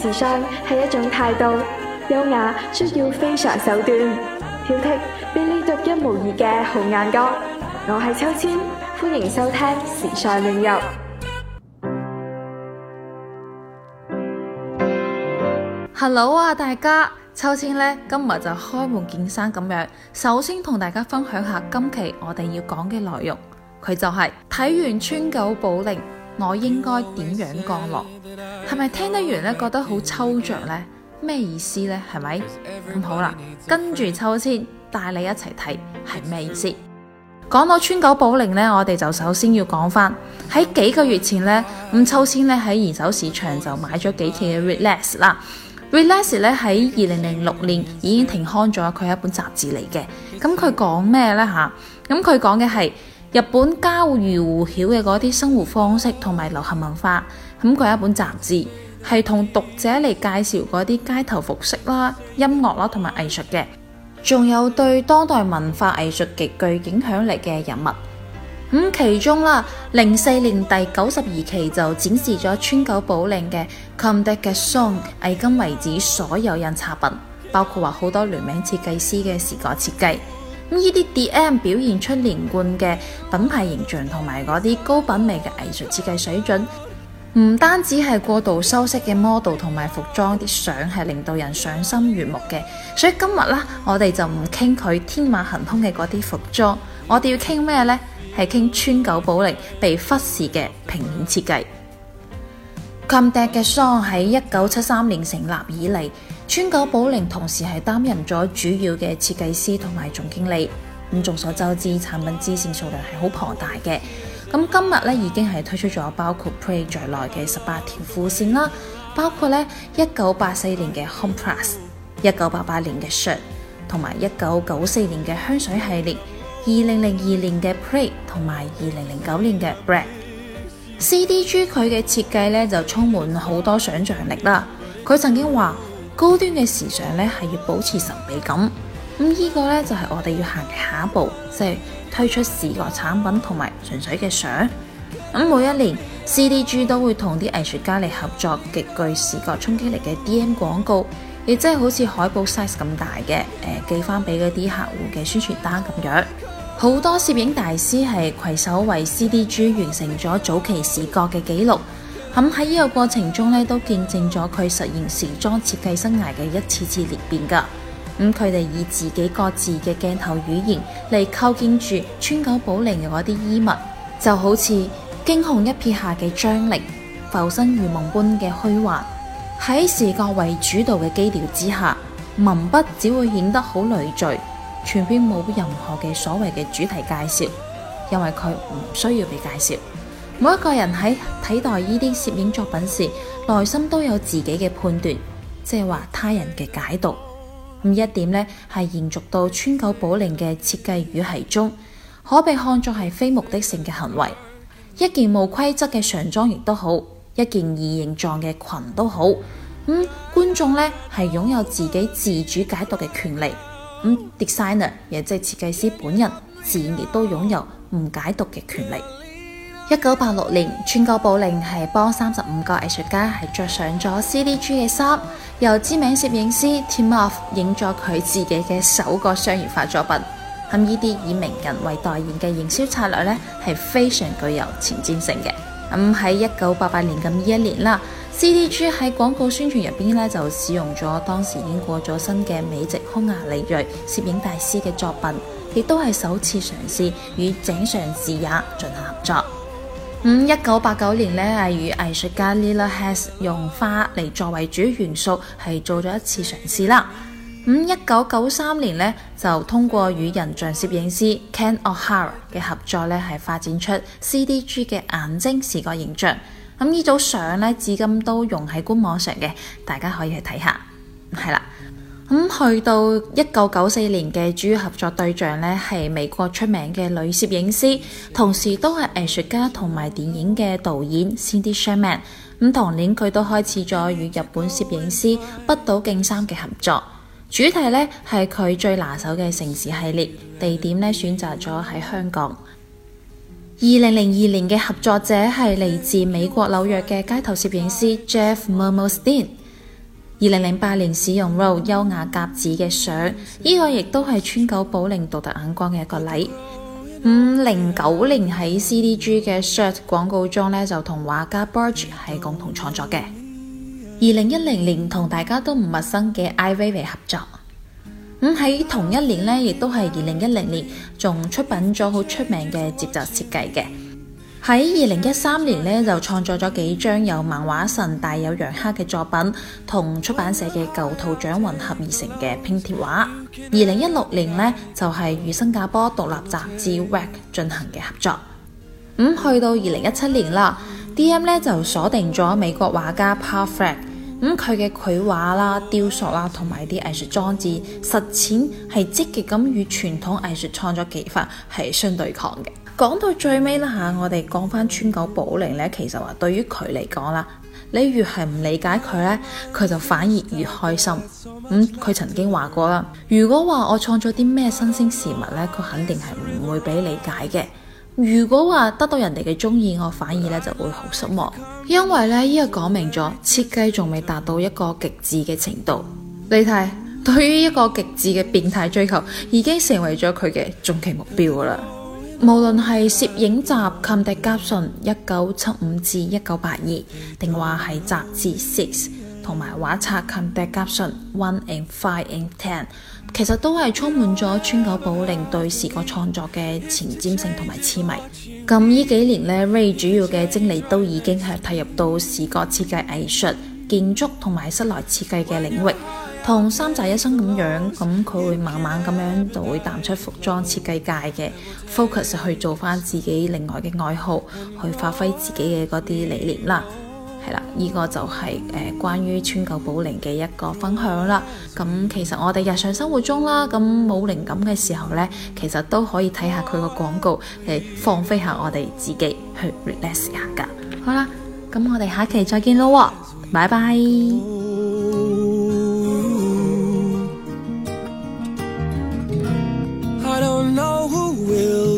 時尚係一種態度，優雅需要非常手段，挑剔俾你獨一無二嘅好眼光。我係秋千，歡迎收聽時尚領域。Hello 啊，大家，秋千呢，今日就開門見山咁樣，首先同大家分享下今期我哋要講嘅內容，佢就係睇完川久保玲。我應該點樣降落？係咪聽得完咧？覺得好抽象呢？咩意思呢？係咪？咁好啦，跟住抽籤帶你一齊睇係咩意思？講到川久保玲呢，我哋就首先要講翻喺幾個月前呢，咁抽籤咧喺二手市場就買咗幾期嘅《Relax》啦，《Relax》咧喺二零零六年已經停刊咗，佢係一本雜誌嚟嘅。咁佢講咩呢？吓、啊，咁佢講嘅係。日本家喻戶曉嘅嗰啲生活方式同埋流行文化，咁佢係一本雜誌，係同讀者嚟介紹嗰啲街頭服飾啦、音樂啦同埋藝術嘅，仲有對當代文化藝術極具影響力嘅人物。咁、嗯、其中啦，零四年第九十二期就展示咗川久保玲嘅《COMME des GARÇONS》，迄今為止所有印刷品，包括話好多聯名設計師嘅視覺設計。呢啲 D.M 表現出連貫嘅品牌形象同埋嗰啲高品味嘅藝術設計水準，唔單止係過度修飾嘅 model 同埋服裝啲相係令到人賞心悅目嘅。所以今日呢，我哋就唔傾佢天馬行空嘅嗰啲服裝，我哋要傾咩呢？係傾川久保玲被忽視嘅平面設計。COMME des GARÇONS 喺一九七三年成立以嚟，川久保玲同時係擔任咗主要嘅設計師同埋總經理。咁眾所周知，產品支線數量係好龐大嘅。咁今日咧已經係推出咗包括 PLAY 在內嘅十八條副線啦，包括咧一九八四年嘅 Homme Plus、一九八八年嘅 SHIRT 同埋一九九四年嘅香水系列、二零零二年嘅 PLAY 同埋二零零九年嘅 Black。CDG 佢嘅設計咧就充滿好多想象力啦。佢曾經話。高端嘅時尚咧，係要保持神秘感。咁呢個咧就係、是、我哋要行嘅下一步，即、就、係、是、推出視覺產品同埋純粹嘅相。咁每一年，CDG 都會同啲藝術家嚟合作極具視覺衝擊力嘅 DM 廣告，亦即係好似海報 size 咁大嘅誒、呃，寄翻俾嗰啲客戶嘅宣傳單咁樣。好多攝影大師係攜手為 CDG 完成咗早期視覺嘅記錄。咁喺呢個過程中咧，都見證咗佢實現時裝設計生涯嘅一次次裂變噶。咁佢哋以自己各自嘅鏡頭語言嚟構建住川久保玲嘅嗰啲衣物，就好似驚鴻一瞥下嘅張力，浮生如夢般嘅虛幻。喺視覺為主導嘅基調之下，文筆只會顯得好累贅，全篇冇任何嘅所謂嘅主題介紹，因為佢唔需要被介紹。每一個人喺睇待呢啲攝影作品時，內心都有自己嘅判斷，即係話他人嘅解讀。咁一點呢係延續到川久保玲嘅設計語系中，可被看作係非目的性嘅行為。一件無規則嘅上裝亦都好，一件異形狀嘅裙都好。咁、嗯、觀眾呢係擁有自己自主解讀嘅權利。咁、嗯、designer，亦即係設計師本人，自然亦都擁有唔解讀嘅權利。一九八六年，川久保玲係幫三十五個藝術家係着上咗 CDG 嘅衫，由知名攝影師 Timoff 影咗佢自己嘅首個商業化作品。咁呢啲以名人為代言嘅營銷策略咧，係非常具有前瞻性嘅。咁喺一九八八年咁呢一年啦，CDG 喺廣告宣傳入邊咧就使用咗當時已經過咗身嘅美籍匈牙利裔攝影大師嘅作品，亦都係首次嘗試與井上智也進行合作。咁一九八九年咧，係與藝術家 Lila Hess 用花嚟作為主元素，係做咗一次嘗試啦。咁一九九三年咧，就通過與人像攝影師 Ken O'Hara 嘅合作咧，係發展出 CDG 嘅眼睛視覺形象。咁呢組相咧，至今都用喺官網上嘅，大家可以去睇下。係啦。咁去到一九九四年嘅主要合作對象呢，係美國出名嘅女攝影師，同時都係藝術家同埋電影嘅導演 Cindy Sherman。咁同年佢都開始咗與日本攝影師北島敬三嘅合作，主題呢係佢最拿手嘅城市系列，地點呢選擇咗喺香港。二零零二年嘅合作者係嚟自美國紐約嘅街頭攝影師 Jeff Mermelstein。二零零八年使用 r o l e 優雅鴿子嘅相，呢、這個亦都係川久保玲獨特眼光嘅一個例。五零九零喺 CDG 嘅 SHIRT 廣告裝呢，就同畫家 Borge 係共同創作嘅。二零一零年同大家都唔陌生嘅 Ivvy 合作，咁喺同一年呢，亦都係二零一零年仲出品咗好出名嘅節奏設計嘅。喺二零一三年咧，就創作咗幾張由漫畫神大友克洋嘅作品，同出版社嘅舊圖像混合而成嘅拼貼畫。二零一六年咧，就係、是、與新加坡獨立雜誌《Wack》進行嘅合作。咁、嗯、去到二零一七年啦，D.M 咧就鎖定咗美國畫家 Parfleck。咁佢嘅繪畫啦、雕塑啦，同埋啲藝術裝置，實踐係積極咁與傳統藝術創作技法係相對抗嘅。講到最尾啦吓，我哋講翻川久保玲咧，其實啊，對於佢嚟講啦，你越係唔理解佢咧，佢就反而越開心。咁、嗯、佢曾經話過啦，如果話我創作啲咩新鮮事物咧，佢肯定係唔會俾理解嘅。如果話得到人哋嘅中意，我反而咧就會好失望，因為咧呢、呢個講明咗設計仲未達到一個極致嘅程度。你睇，對於一個極致嘅變態追求，已經成為咗佢嘅終極目標啦。無論係攝影集《COMME des GARÇONS 一九七五至一九八二》，定話係雜誌《Six》同埋畫冊《COMME des GARÇONS One and Five and Ten》，其實都係充滿咗川久保玲對視覺創作嘅前瞻性同埋癡迷。近呢幾年咧，Ray 主要嘅精力都已經係投入到視覺設計、藝術、建築同埋室內設計嘅領域。同三宅一生咁樣，咁佢會慢慢咁樣就會淡出服裝設計界嘅 focus 去做翻自己另外嘅愛好，去發揮自己嘅嗰啲理念啦，係啦，呢、這個就係、是、誒、呃、關於川久保玲嘅一個分享啦。咁其實我哋日常生活中啦，咁冇靈感嘅時候呢，其實都可以睇下佢個廣告，係放飛下我哋自己去 relax 一下噶。好啦，咁我哋下期再見咯，拜拜。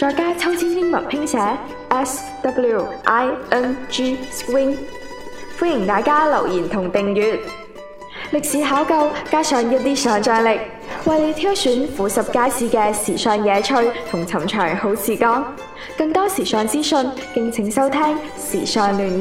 再加鞦韆英文拼寫 S W I N G swing，歡迎大家留言同訂閱。歷史考究加上一啲想象力，為你挑選甫十街市嘅時尚野趣同尋常好時光。更多時尚資訊，敬請收聽《時尚亂入》。